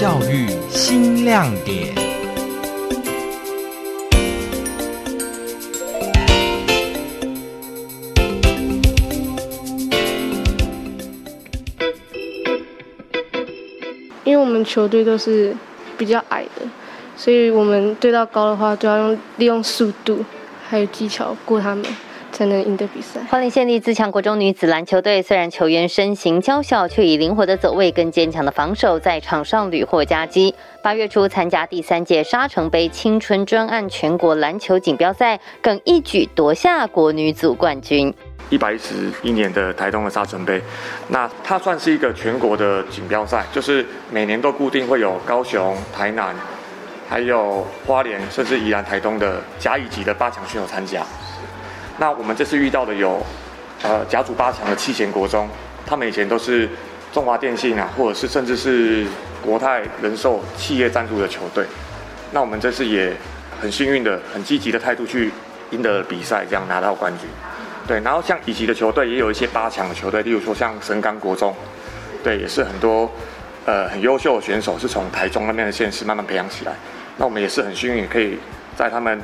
教育新亮點。因為我們球隊都是比較矮的，所以我們對到高的話，都要用利用速度還有技巧過他們。花蓮縣立自強國中女子籃球隊，雖然球員身形嬌小，卻以靈活的走位跟堅強的防守，在場上屢獲佳績。八月初參加第三屆沙城盃青春專案全國籃球錦標賽，更一舉奪下國女組冠軍。一百一十一年的台東的沙城盃，那它算是一個全國的錦標賽，就是每年都固定會有高雄、台南，還有花蓮甚至宜蘭、台東的甲乙級的八強選手參加。那我們這次遇到的有，呃，甲組八強的七賢國中，他們以前都是中華電信啊，或者是甚至是國泰人壽企業贊助的球隊。那我們這次也很幸運的，很積極的態度去贏得了比賽，這樣拿到冠軍。對，然後像乙級的球隊，也有一些八強的球隊，例如說像神岡國中，對，也是很多呃很優秀的選手是從台中那邊的縣市慢慢培養起來。那我們也是很幸運，可以在他們。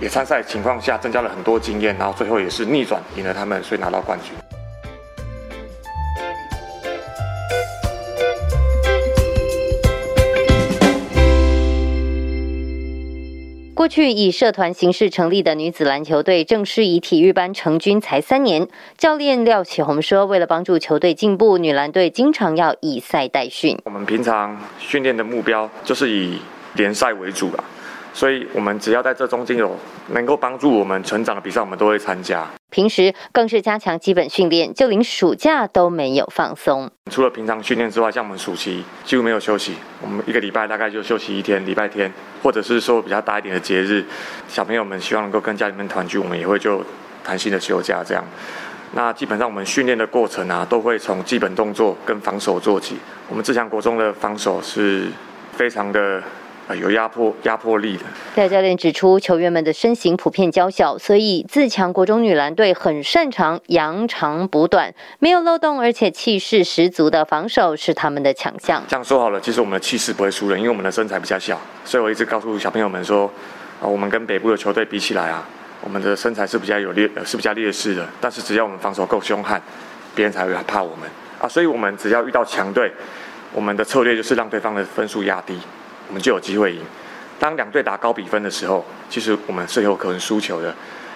也參賽情況下增加了很多經驗，然後最後也是逆轉贏了他們，所以拿到冠軍。過去以社團形式成立的女子籃球隊，正式以體育班成軍才三年。教練廖啟宏說：“為了幫助球隊進步，女籃隊經常要以賽代訓。我們平常訓練的目標就是以聯賽為主了。”所以，我們只要在這中間有能夠幫助我們成長的比賽，我們都會參加。平時更是加強基本訓練，就連暑假都沒有放鬆。除了平常訓練之外，像我們暑期幾乎沒有休息，我們一個禮拜大概就休息一天，禮拜天或者是說比較大一點的節日，小朋友們希望能夠跟家裡面團聚，我們也會就彈性的休假。這樣，那基本上我們訓練的過程啊，都會從基本動作跟防守做起。我們自強國中的防守是非常的。呃、有壓迫、壓迫力的。廖教練指出，球員們的身形，普遍嬌小，所以自強國中女籃隊很擅長揚長補短，沒有漏洞，而且氣勢十足的防守是他們的強項。這樣說好了，其實我們的氣勢不會輸人，因為我們的身材比較小。所以我一直告訴小朋友們說，啊，我們跟北部的球隊比起來啊，我們的身材是比較有劣，是比較劣勢的。但是只要我們防守夠兇悍，別人才會怕我們啊。所以我們只要遇到強隊，我們的策略就是讓對方的分數壓低，我們就有機會贏。當兩隊打高比分的時候，其實我們是有可能輸球的，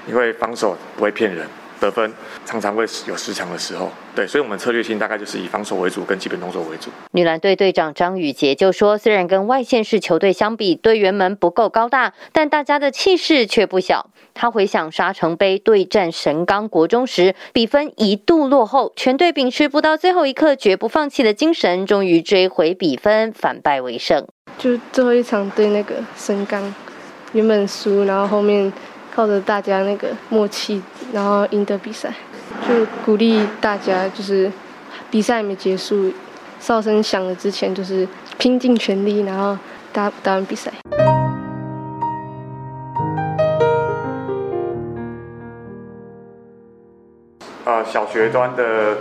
因為防守不會騙人，得分常常會有失常的時候。對，所以我們策略性大概就是以防守為主，跟基本動作為主。女籃隊隊長張宇婕就說：“雖然跟外縣市球隊相比，隊員們不夠高大，但大家的氣勢卻不小。”她回想沙城杯對戰神岡國中時，比分一度落後，全隊秉持不到最後一刻絕不放棄的精神，終於追回比分，反敗為勝。就最後一場對那個神岡，原本輸，然後後面靠着大家那個默契，然後贏得比賽。就鼓勵大家，就是比賽還沒結束，哨聲響了之前，就是拼盡全力，然後打打完比賽。呃，小學端的，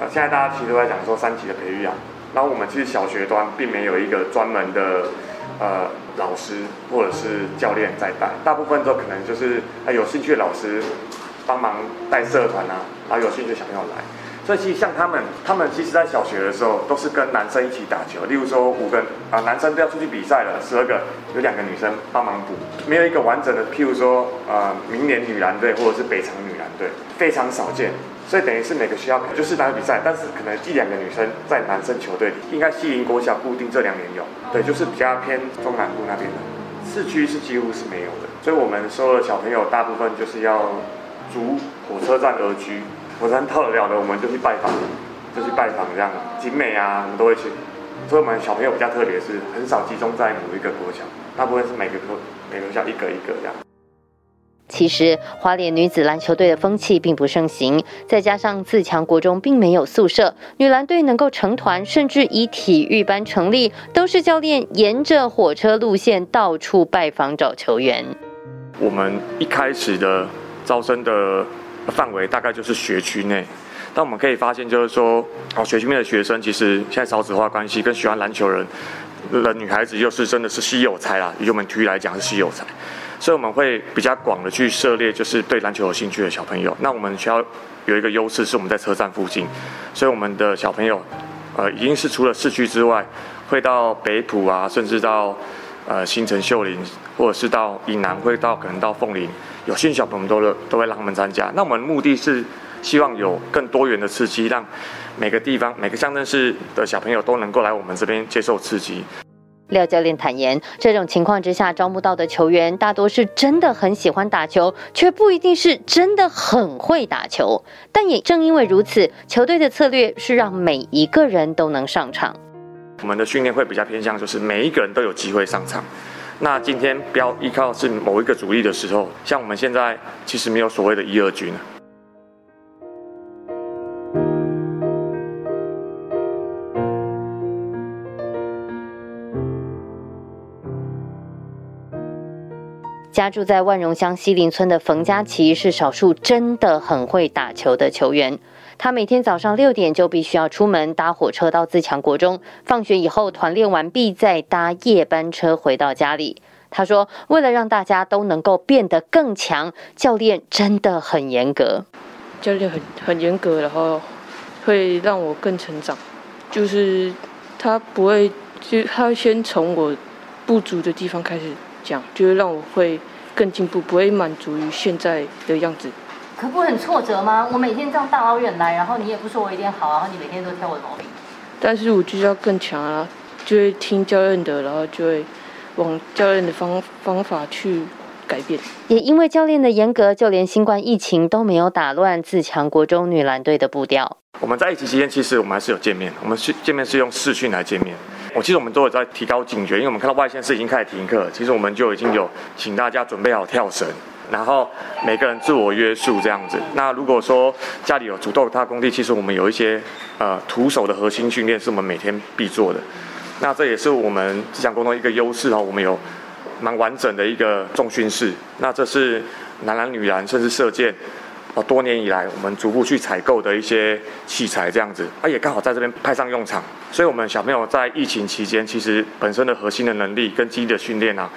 呃，現在大家其實都在講說三級的培育啊。然後我們其實，小學端並沒有一個專門的呃老師或者是教練在帶，大部分都可能就是啊、哎、有興趣的老師幫忙帶社團啊，然後有興趣想要來。所以其實像他們，他們其實在小學的時候都是跟男生一起打球。例如說五個啊、呃，男生都要出去比賽了，十二個有兩個女生幫忙補，沒有一個完整的。譬如說啊、呃，明年女籃隊或者是北城女籃隊非常少見。所以等於是每個學校就是打比賽，但是可能一兩個女生在男生球隊裡應該西營國小固定這兩年有，對，就是比較偏中南部那邊的，市區是幾乎是沒有的。所以我們收了小朋友大部分就是要，逐火車站而居。佛山到了的，我們就去拜訪，就去拜訪這樣，景美啊，我們都會去。所以，我們小朋友比較特別，是很少集中在某一個國小，大部分是每個國每個校一個一個這樣。其實，花蓮女子籃球隊的風氣並不盛行，再加上自強國中並沒有宿舍，女籃隊能夠成團，甚至以體育班成立，都是教練沿着火車路線到處拜訪找球員。我們一開始的招生的。範圍大概就是學區內，但我們可以發現，就是說，哦，學區內的學生其實現在少子化關係，跟喜歡籃球人，的女孩子又是真的是稀有才啦，以我們體育來講是稀有才，所以我們會比較廣的去涉獵，就是對籃球有興趣的小朋友。那我們需要有一個優勢，是我們在車站附近，所以我們的小朋友，呃，已經是除了市區之外，會到北埔啊，甚至到。呃，新城、秀林，或者是到以南，會到可能到鳳林，有些小朋友都都會讓他們參加。那我們目的是希望有更多元的刺激，讓每個地方、每個鄉鎮市的小朋友都能夠來我們這邊接受刺激。廖教練坦言，這種情況之下招募到的球員大多是真的很喜歡打球，卻不一定是真的很會打球。但也正因為如此，球隊的策略是讓每一個人都能上場。我們的訓練會比較偏向，就是每一個人都有機會上場。那今天不要依靠是某一個主力的時候，像我們現在其實沒有所謂的一、二軍呢、啊。家住在萬榮鄉西林村的馮佳琪是少數真的很會打球的球員。他每天早上六點就必須要出門搭火車到自強國中，放學以後團練完畢再搭夜班車回到家裡。他說：“為了讓大家都能夠變得更強，教練真的很嚴格教很。教練很很嚴格，然後會讓我更成長。就是他不會，就他先從我不足的地方開始。”講就是讓我會更進步，不會滿足於現在的樣子。可不很挫折嗎？我每天這樣大老遠來，然後你也不說我一點好，然後你每天都挑我的毛病。但是我就要更強啊，就會聽教練的，然後就會往教練的方方法去改變。也因為教練的嚴格，就連新冠疫情都沒有打亂自強國中女籃隊的步調。我們在一起期間，其實我們還是有見面的，我們是見面是用視訊來見面。我其實我們都有在提高警覺，因為我們看到外縣市已經開始停課，其實我們就已經有請大家準備好跳繩，然後每個人自我約束這樣子。那如果說家裡有主動踏工地，其實我們有一些呃徒手的核心訓練是我們每天必做的。那這也是我們這項工作一個優勢哦，我們有蠻完整的一個重訓室。那這是男籃、女籃，甚至射箭。多年以來，我們逐步去採購的一些器材，這樣子啊，也剛好在這邊派上用場。所以，我們小朋友在疫情期間，其實本身的、核心的能力跟肌力的訓練啊，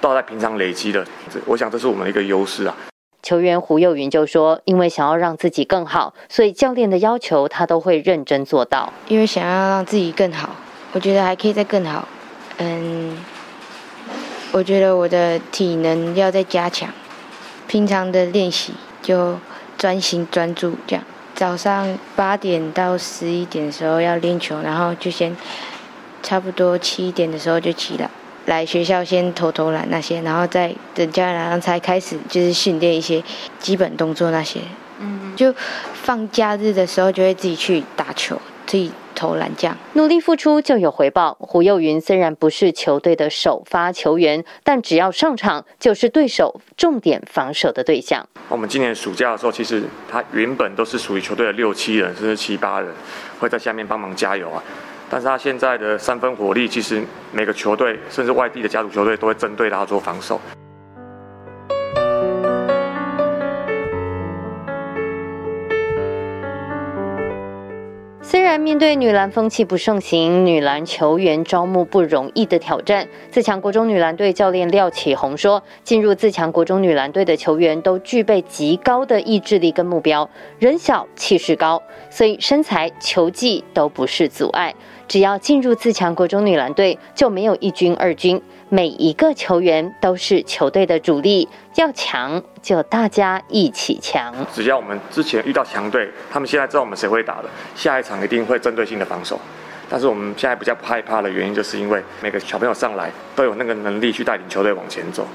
都要在平常累積的。我想，這是我們的一個優勢啊。球員胡幼云就說：“因為想要讓自己更好，所以教練的要求他都會認真做到。因為想要讓自己更好，我覺得還可以再更好。嗯，我覺得我的體能要再加強，平常的練習就。”專心專注這樣，早上八點到十一點的時候要練球，然後就先差不多七點的時候就起了，來學校先投投籃那些，然後再等教練來了才開始就是訓練一些基本動作那些。嗯，就放假日的時候就會自己去打球，自己。投籃將努力付出就有回報。胡幼云雖然不是球隊的首發球員，但只要上場就是對手重點防守的對象。我們今年暑假的時候，其實他原本都是屬於球隊的六七人，甚至七八人，會在下面幫忙加油啊。但是他現在的三分火力，其實每個球隊，甚至外地的家族球隊，都會針對他做防守。雖然面對女籃風氣不盛行、女籃球員招募不容易的挑戰，自強國中女籃隊教練廖啓宏說：“進入自強國中女籃隊的球員都具備極高的意志力跟目標，人小氣勢高，所以身材、球技都不是阻礙。只要進入自強國中女籃隊，就沒有一軍二軍。”每一個球員都是球隊的主力，要強就大家一起強。只要我們之前遇到強隊，他們現在知道我們誰會打的，下一場一定會針對性的防守。但是我們現在比較害怕的原因，就是因為每個小朋友上來都有那個能力去帶領球隊往前走。